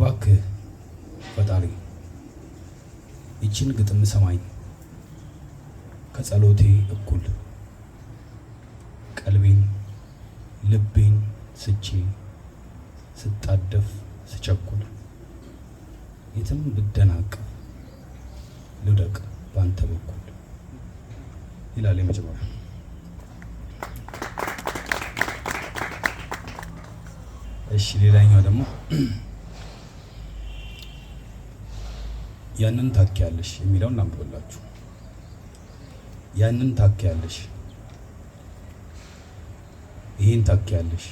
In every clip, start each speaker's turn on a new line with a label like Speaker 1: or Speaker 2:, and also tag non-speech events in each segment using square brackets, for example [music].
Speaker 1: እባክህ ፈጣሪ ይችን ግጥም ሰማኝ ከጸሎቴ እኩል ቀልቤን ልቤን ስቼ ስጣደፍ ስቸኩል የትም ብደናቅ ልደቅ በአንተ በኩል ይላል የመጀመሪያ እሺ ሌላኛው ደግሞ [clears throat] ያንን ታኪያለሽ የሚለውን እናንብብላችሁ። ያንን ታኪያለሽ፣ ይህን ታኪያለሽ።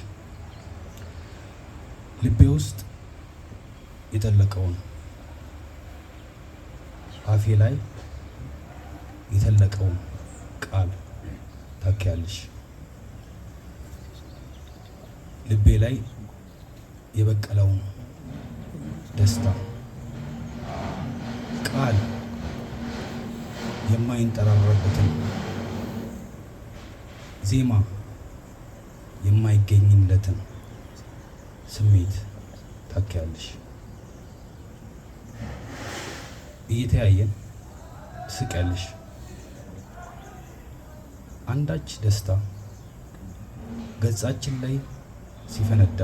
Speaker 1: ልቤ ውስጥ የጠለቀውን አፌ ላይ የተለቀውን ቃል ታኪያለሽ። ልቤ ላይ የበቀለውን ደስታ ቃል የማይንጠራረበትን ዜማ የማይገኝለትን ስሜት ታኪያለሽ። እየተያየን ትስቂያለሽ። አንዳች ደስታ ገጻችን ላይ ሲፈነዳ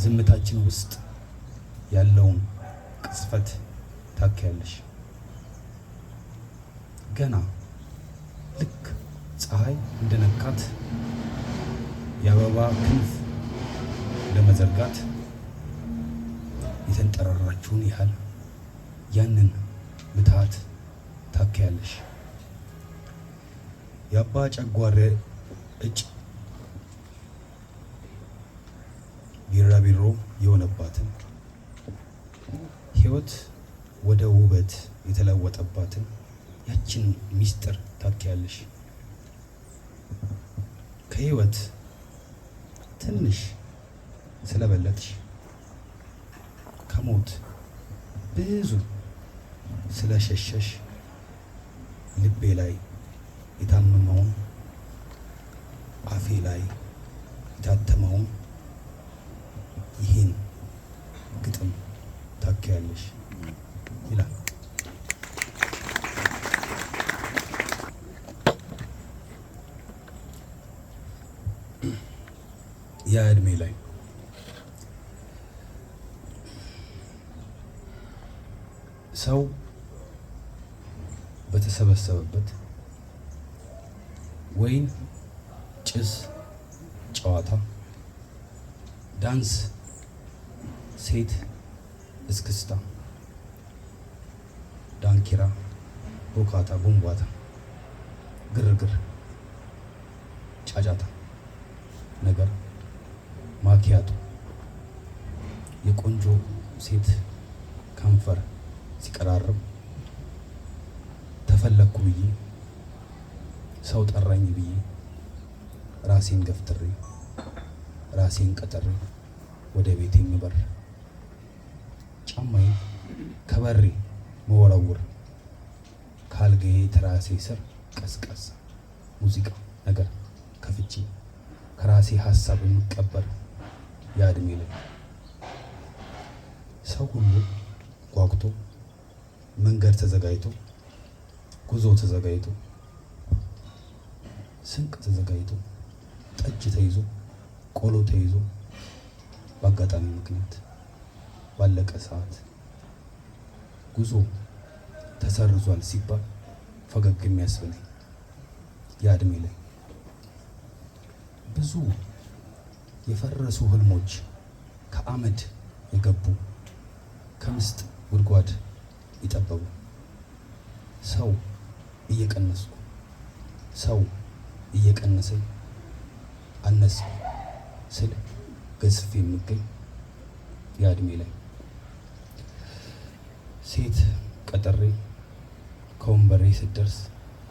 Speaker 1: ዝምታችን ውስጥ ያለውን ቅጽፈት ታኪያለሽ። ገና ልክ ፀሐይ እንደነካት የአበባ ክንፍ ለመዘርጋት የተንጠራራችሁን ያህል ያንን ምትሃት ታካያለሽ። የአባ ጨጓሬ እጭ ቢራቢሮ የሆነባትን ህይወት ወደ ውበት የተለወጠባትን ያችን ሚስጥር ታኪያለሽ። ከህይወት ትንሽ ስለበለጥሽ፣ ከሞት ብዙ ስለሸሸሽ ልቤ ላይ የታመመውን አፌ ላይ የታተመውን ይህን ግጥም ታኪያለሽ። ይላል። ያ እድሜ ላይ ሰው በተሰበሰበበት ወይን፣ ጭስ፣ ጨዋታ፣ ዳንስ፣ ሴት፣ እስክስታ ዳንኪራ፣ ሁካታ፣ ጉንቧታ፣ ግርግር፣ ጫጫታ ነገር ማኪያቶ የቆንጆ ሴት ከንፈር ሲቀራርብ ተፈለኩ ብዬ ሰው ጠራኝ ብዬ ራሴን ገፍትሬ ራሴን ቀጥሬ ወደ ቤት የሚበር ጫማዬ ከበሬ መወረውር ካልጋዬ ትራሴ ስር ቀስቀስ ሙዚቃ ነገር ከፍቼ ከራሴ ሀሳብ የሚቀበል ያድሜ ሰው ሁሉ ጓጉቶ መንገድ ተዘጋጅቶ ጉዞ ተዘጋጅቶ ስንቅ ተዘጋጅቶ ጠጅ ተይዞ ቆሎ ተይዞ በአጋጣሚ ምክንያት ባለቀ ሰዓት ጉዞ ተሰርዟል ሲባል ፈገግ የሚያስብለኝ ያ ላይ ብዙ የፈረሱ ህልሞች ከአመድ የገቡ ከምስጥ ጉድጓድ የጠበቡ ሰው እየቀነስኩ ሰው እየቀነሰኝ አነስ ስል ገዝፍ የሚገኝ የእድሜ ላይ ሴት ቀጠሬ ከወንበሬ ስደርስ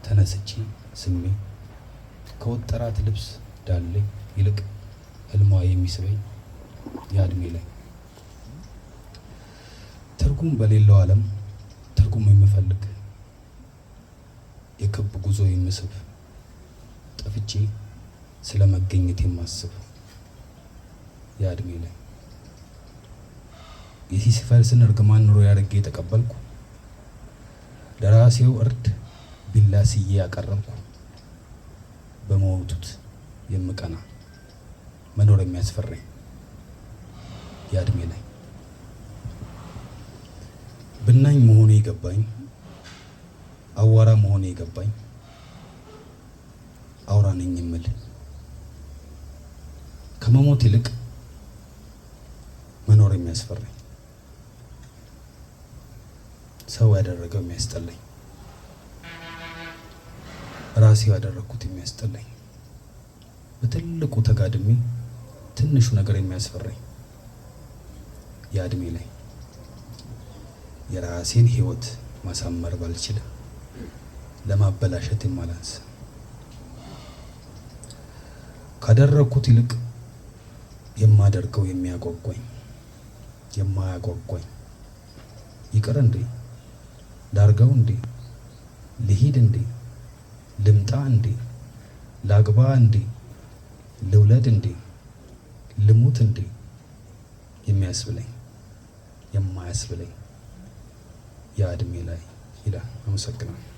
Speaker 1: ተነስቼ ስሜ ከወጠራት ልብስ ዳሌ ይልቅ ህልሟ የሚስበኝ የአድሜ ላይ ትርጉም በሌለው ዓለም ትርጉም የምፈልግ የክብ ጉዞ የምስብ ጠፍቼ ስለ መገኘት የማስብ የአድሜ ላይ የሲሲፈርስን እርግማን ኑሮ ያደርጌ የተቀበልኩ ለራሴው እርድ ቢላ ስዬ ያቀረብኩ በመወቱት የምቀና መኖር የሚያስፈራኝ የእድሜ ላይ ብናኝ መሆኔ የገባኝ አዋራ መሆኔ የገባኝ አውራ ነኝ የምል ከመሞት ይልቅ መኖር የሚያስፈራኝ ሰው ያደረገው የሚያስጠላኝ፣ ራሴ ያደረግኩት የሚያስጠላኝ፣ በትልቁ ተጋድሜ ትንሹ ነገር የሚያስፈራኝ የእድሜ ላይ የራሴን ህይወት ማሳመር ባልችል ለማበላሸት የማላንስ ካደረግኩት ይልቅ የማደርገው የሚያጓጓኝ የማያጓጓኝ ይቅር እንዴ ላርገው እንዴ? ልሂድ እንዴ? ልምጣ እንዴ? ላግባ እንዴ? ልውለድ እንዴ? ልሙት እንዴ? የሚያስብለኝ የማያስብለኝ ያ እድሜ ላይ ይላል። አመሰግናለሁ።